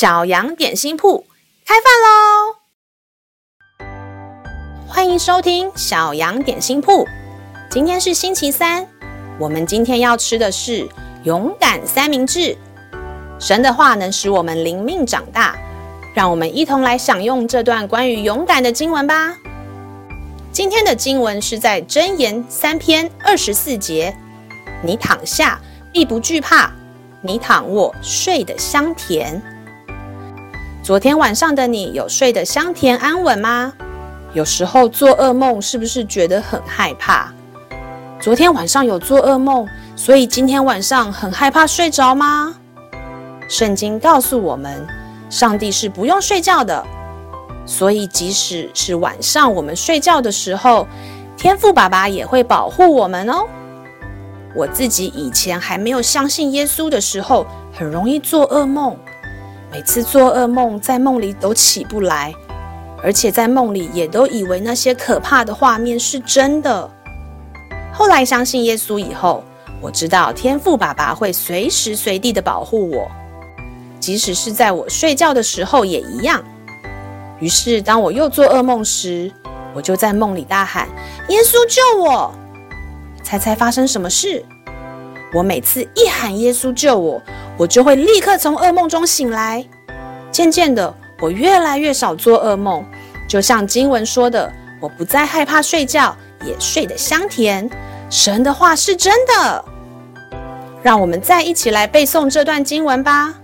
小羊點心鋪開飯嘍！歡迎收聽小羊點心鋪。今天是星期三，我們今天要吃的是勇敢三明治。神的話能使我們靈命長大，讓我們一同來享用這段關於勇敢的經文吧。今天的經文是在箴言三篇二十四節：“你躺下必不懼怕，你躺臥睡得香甜。”昨天晚上的你有睡得香甜安穩嗎？有時候做噩夢，是不是覺得很害怕？昨天晚上有做噩夢，所以今天晚上很害怕睡着嗎？聖經告訴我們，上帝是不用睡覺的，所以即使是晚上我們睡覺的時候，天父爸爸也會保護我們哦。我自己以前還沒有相信耶穌的時候，很容易做噩夢。每次做噩夢，在夢裡都起不來，而且在夢裡也都以為那些可怕的畫面是真的。後來相信耶穌以後，我知道天父爸爸會隨時隨地的保護我，即使是在我睡覺的時候也一樣。於是，當我又做噩夢時，我就在夢裡大喊：“耶穌救我！”猜猜發生什麼事？我每次一喊“耶穌救我”，我就會立刻從噩夢中醒來。漸漸的，我越來越少做噩夢。就像經文說的，我不再害怕睡覺，也睡得香甜。神的話是真的。讓我們再一起來背誦這段經文吧。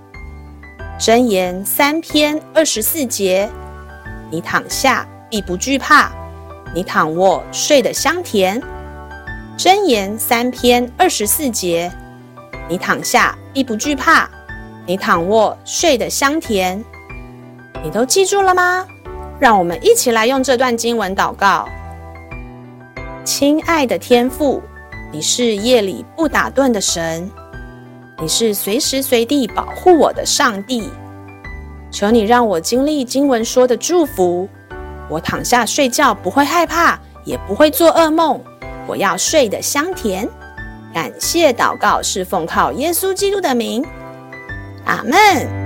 箴言三篇二十四節：你躺下必不懼怕，你躺臥睡得香甜。箴言三篇二十四節。你躺下必不懼怕，你躺臥睡得香甜，你都記住了嗎？讓我們一起來用這段經文禱告。親愛的天父，你是夜裡不打盹的神，你是隨時隨地保護我的上帝。求你讓我經歷經文說的祝福，我躺下睡覺不會害怕，也不會做噩夢，我要睡得香甜。感謝禱告，是奉靠耶穌基督的名，阿門。